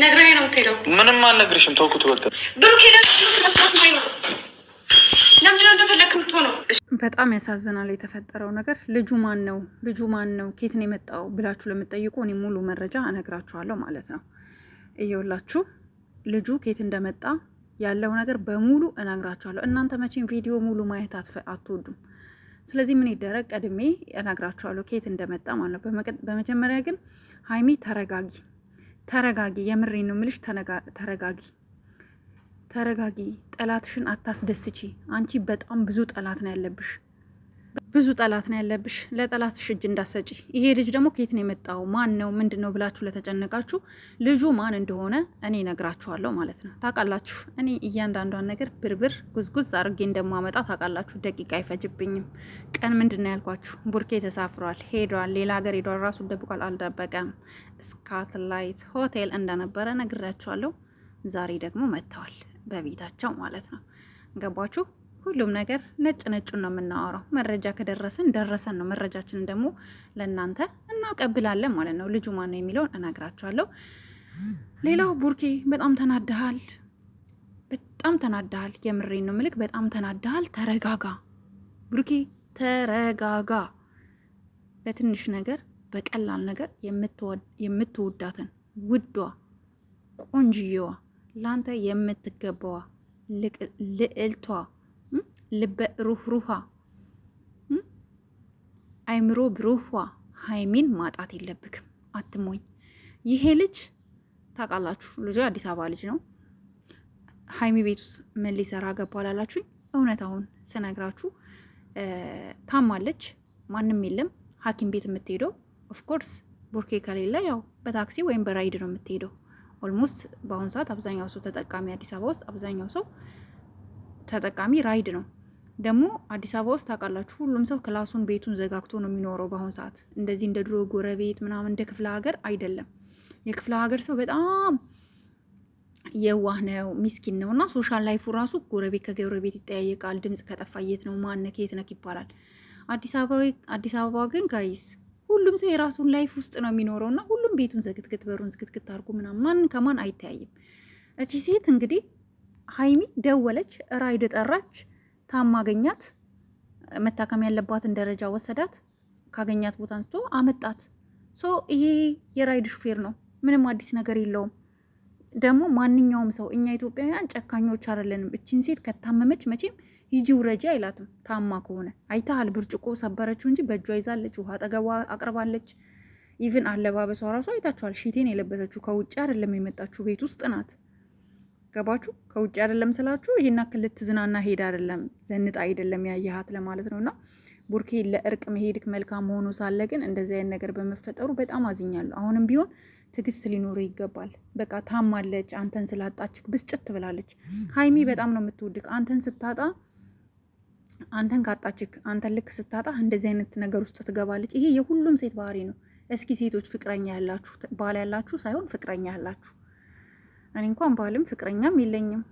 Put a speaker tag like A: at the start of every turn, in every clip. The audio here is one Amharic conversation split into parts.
A: ነግረህ ነው የምትሄደው።
B: ምንም አልነግርሽም። ተውኩት በቃ
A: ብሩክ ሄደ ነው ነው
C: በጣም ያሳዝናል የተፈጠረው ነገር። ልጁ ማን ነው? ልጁ ማን ነው? ከየት ነው የመጣው ብላችሁ ለምጠይቁ እኔ ሙሉ መረጃ እነግራችኋለሁ ማለት ነው። እየውላችሁ ልጁ ኬት እንደመጣ ያለው ነገር በሙሉ እነግራችኋለሁ። እናንተ መቼም ቪዲዮ ሙሉ ማየት አትወዱም። ስለዚህ ምን ይደረግ፣ ቀድሜ እነግራችኋለሁ ኬት እንደመጣ ማለት ነው። በመጀመሪያ ግን ሀይሚ ተረጋጊ። ተረጋጊ። የምሬ ነው ምልሽ፣ ተረጋጊ ተረጋጊ። ጠላትሽን አታስደስቺ። አንቺ በጣም ብዙ ጠላት ነው ያለብሽ። ብዙ ጠላት ነው ያለብሽ። ለጠላትሽ እጅ እንዳሰጪ። ይሄ ልጅ ደግሞ ከየት ነው የመጣው ማን ነው ምንድን ነው ብላችሁ ለተጨነቃችሁ ልጁ ማን እንደሆነ እኔ ነግራችኋለሁ ማለት ነው። ታውቃላችሁ፣ እኔ እያንዳንዷን ነገር ብርብር ጉዝጉዝ አድርጌ እንደማመጣ ታውቃላችሁ። ደቂቃ አይፈጅብኝም። ቀን ምንድን ነው ያልኳችሁ? ቡርኬ ተሳፍሯል፣ ሄዷል፣ ሌላ ሀገር ሄዷል። ራሱን ደብቋል፣ አልደበቀም። ስካትላይት ሆቴል እንደነበረ ነግራችኋለሁ። ዛሬ ደግሞ መጥተዋል በቤታቸው ማለት ነው። ገባችሁ? ሁሉም ነገር ነጭ ነጩን ነው የምናወራው። መረጃ ከደረሰን ደረሰን ነው። መረጃችንን ደግሞ ለእናንተ እናቀብላለን ማለት ነው። ልጁ ማነው የሚለውን እነግራችኋለሁ። ሌላው ቡርኬ በጣም ተናድሃል፣ በጣም ተናድሃል። የምሬን ነው ምልክ፣ በጣም ተናድሃል። ተረጋጋ ቡርኬ፣ ተረጋጋ። በትንሽ ነገር በቀላል ነገር የምትወዳትን ውዷ ቆንጅየዋ፣ ለአንተ የምትገባዋ ልዕልቷ ልበ ሩህሩሃ አይምሮ ብሩህዋ ሀይሚን ማጣት የለብክም። አትሞኝ። ይሄ ልጅ ታውቃላችሁ፣ ልጁ አዲስ አበባ ልጅ ነው። ሀይሚ ቤት ውስጥ ምን ሊሰራ ገባ ላላችሁኝ እውነታውን ስነግራችሁ ታማለች። ማንም የለም ሐኪም ቤት የምትሄደው ኦፍኮርስ ቡርኬ ከሌለ ያው በታክሲ ወይም በራይድ ነው የምትሄደው። ኦልሞስት በአሁኑ ሰዓት አብዛኛው ሰው ተጠቃሚ አዲስ አበባ ውስጥ አብዛኛው ሰው ተጠቃሚ ራይድ ነው። ደግሞ አዲስ አበባ ውስጥ ታውቃላችሁ፣ ሁሉም ሰው ክላሱን ቤቱን ዘጋግቶ ነው የሚኖረው። በአሁኑ ሰዓት እንደዚህ እንደ ድሮ ጎረቤት ምናምን እንደ ክፍለ ሀገር አይደለም። የክፍለ ሀገር ሰው በጣም የዋህ ነው፣ ሚስኪን ነው እና ሶሻል ላይፉ ራሱ ጎረቤት ከጎረቤት ይጠያየቃል። ድምፅ ከጠፋ የት ነው ማነክ የት ነክ ይባላል። አዲስ አበባ ግን ጋይስ ሁሉም ሰው የራሱን ላይፍ ውስጥ ነው የሚኖረው እና ሁሉም ቤቱን ዘግትግት በሩን ዝግትግት አድርጎ ምናምን ማን ከማን አይተያይም። እቺ ሴት እንግዲህ ሀይሚ ደወለች፣ ራይድ ጠራች ታማገኛት መታከም ያለባትን ደረጃ ወሰዳት። ካገኛት ቦታ አንስቶ አመጣት። ሶ ይሄ የራይድ ሹፌር ነው። ምንም አዲስ ነገር የለውም። ደግሞ ማንኛውም ሰው እኛ ኢትዮጵያውያን ጨካኞች አይደለንም። እችን ሴት ከታመመች መቼም ሂጂ ውረጂ አይላትም። ታማ ከሆነ አይተሃል፣ ብርጭቆ ሰበረችው እንጂ በእጇ ይዛለች፣ ውሃ አጠገቧ አቅርባለች። ኢቭን አለባበሷ ራሷ አይታችኋል። ሽቴን የለበሰችው ከውጭ አይደለም የመጣችው ቤት ውስጥ ናት። ገባችሁ? ከውጭ አይደለም ስላችሁ ይሄን ያክል ልትዝናና ሄድ አይደለም ዘንጣ አይደለም ያየሃት ለማለት ነውና ቡርኬ ለእርቅ መሄድክ መልካም ሆኖ ሳለ ግን እንደዚህ አይነት ነገር በመፈጠሩ በጣም አዝኛለሁ። አሁንም ቢሆን ትዕግስት ሊኖር ይገባል። በቃ ታማለች፣ አንተን ስላጣችክ ብስጭት ትብላለች። ሀይሚ በጣም ነው የምትወድቅ። አንተን ስታጣ አንተን ካጣችክ አንተን ልክ ስታጣ እንደዚህ አይነት ነገር ውስጥ ትገባለች። ይሄ የሁሉም ሴት ባህሪ ነው። እስኪ ሴቶች ፍቅረኛ ያላችሁ ባል ያላችሁ ሳይሆን ፍቅረኛ ያላችሁ እኔ እንኳን ባልም ፍቅረኛም የለኝም።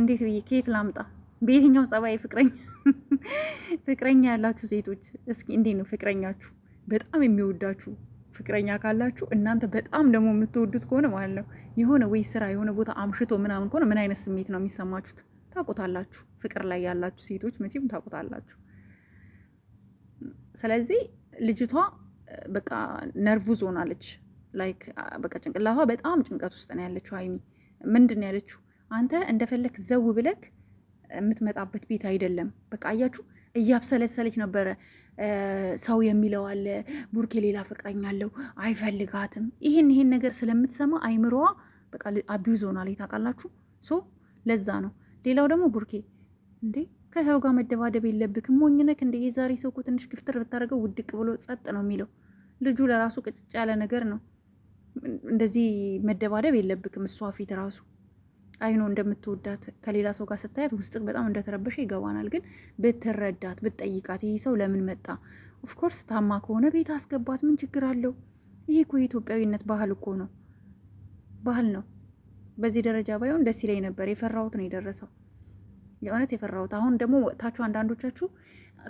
C: እንዴት ብዬ ከየት ላምጣ? በየትኛው ጸባይ ፍቅረኛ ፍቅረኛ ያላችሁ ሴቶች እስኪ እንዴት ነው ፍቅረኛችሁ? በጣም የሚወዳችሁ ፍቅረኛ ካላችሁ እናንተ በጣም ደግሞ የምትወዱት ከሆነ ማለት ነው የሆነ ወይ ስራ የሆነ ቦታ አምሽቶ ምናምን ከሆነ ምን አይነት ስሜት ነው የሚሰማችሁት? ታውቁታላችሁ። ፍቅር ላይ ያላችሁ ሴቶች መቼም ታውቁታላችሁ። ስለዚህ ልጅቷ በቃ ነርቭ ዞናለች። ላይክ በቃ ጭንቅላቷ በጣም ጭንቀት ውስጥ ነው ያለችው። ሀይሚ ምንድን ነው ያለችው? አንተ እንደፈለክ ዘው ብለክ የምትመጣበት ቤት አይደለም። በቃ አያችሁ፣ እያብሰለሰለች ነበረ። ሰው የሚለው አለ ቡርኬ ሌላ ፍቅረኛ አለው አይፈልጋትም። ይህን ይሄን ነገር ስለምትሰማ አይምሮዋ በቃ አቢዩዝ ሆናል። ታውቃላችሁ፣ ሶ ለዛ ነው። ሌላው ደግሞ ቡርኬ እንዴ ከሰው ጋር መደባደብ የለብክም ሞኝነክ እንደ የዛሬ ሰው እኮ ትንሽ ክፍትር ብታደርገው ውድቅ ብሎ ጸጥ ነው የሚለው ልጁ ለራሱ ቅጭጫ ያለ ነገር ነው። እንደዚህ መደባደብ የለብክም። እሷ ፊት ራሱ አይኖ እንደምትወዳት ከሌላ ሰው ጋር ስታያት ውስጥ በጣም እንደተረበሸ ይገባናል። ግን ብትረዳት፣ ብትጠይቃት ይህ ሰው ለምን መጣ? ኦፍኮርስ ታማ ከሆነ ቤት አስገባት። ምን ችግር አለው? ይህ እኮ የኢትዮጵያዊነት ባህል እኮ ነው፣ ባህል ነው። በዚህ ደረጃ ባይሆን ደስ ይለኝ ነበር። የፈራሁት ነው የደረሰው፣ የእውነት የፈራሁት። አሁን ደግሞ ወጥታችሁ አንዳንዶቻችሁ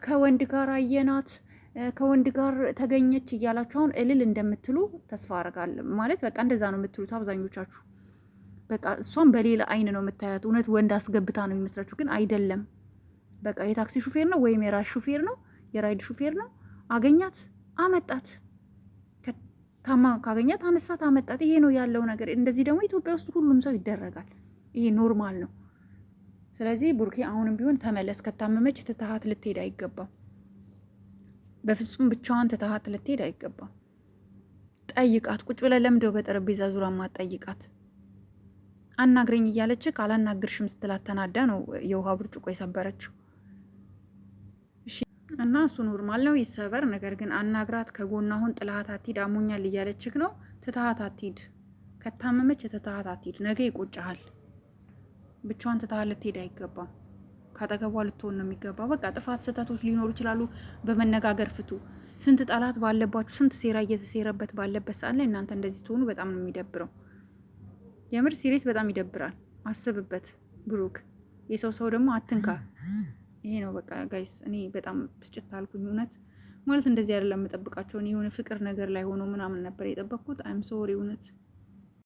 C: ከወንድ ጋር አየናት ከወንድ ጋር ተገኘች እያላችሁ አሁን እልል እንደምትሉ ተስፋ አደርጋለሁ። ማለት በቃ እንደዛ ነው የምትሉት አብዛኞቻችሁ። በቃ እሷም በሌላ አይን ነው የምታያት። እውነት ወንድ አስገብታ ነው የሚመስላችሁ፣ ግን አይደለም። በቃ የታክሲ ሹፌር ነው ወይም የራሽ ሹፌር ነው የራይድ ሹፌር ነው። አገኛት፣ አመጣት። ከታማ ካገኛት አነሳት፣ አመጣት። ይሄ ነው ያለው ነገር። እንደዚህ ደግሞ ኢትዮጵያ ውስጥ ሁሉም ሰው ይደረጋል። ይሄ ኖርማል ነው። ስለዚህ ቡርኬ አሁንም ቢሆን ተመለስ። ከታመመች ትትሃት ልትሄድ አይገባም። በፍጹም ብቻዋን ትታሃት ልትሄድ አይገባም። ጠይቃት። ቁጭ ብለህ ለምደው በጠረጴዛ ዙራ ማጠይቃት አናግረኝ እያለች ካላናግርሽም ስትላት ተናዳ ነው የውሃ ብርጭቆ የሰበረችው። እና እሱ ኖርማል ነው ይሰበር። ነገር ግን አናግራት። ከጎን አሁን ጥላሃት አትሂድ፣ አሞኛል እያለችህ ነው። ትታሃት አትሂድ። ከታመመች ትታሃት አትሂድ። ነገ ይቆጭሃል። ብቻዋን ትታሃት ልትሄድ አይገባም። ከአጠገቧ ልትሆን ነው የሚገባ። በቃ ጥፋት፣ ስህተቶች ሊኖሩ ይችላሉ። በመነጋገር ፍቱ። ስንት ጠላት ባለባችሁ፣ ስንት ሴራ እየተሴረበት ባለበት ሰዓት ላይ እናንተ እንደዚህ ትሆኑ በጣም ነው የሚደብረው። የምር ሲሪየስ በጣም ይደብራል። አስብበት ብሩክ። የሰው ሰው ደግሞ አትንካ። ይሄ ነው በቃ ጋይስ። እኔ በጣም ብስጭት አልኩኝ እውነት ማለት እንደዚህ አይደለም የምጠብቃቸውን የሆነ ፍቅር ነገር ላይ ሆኖ ምናምን ነበር የጠበቅኩት። አይም ሶሪ እውነት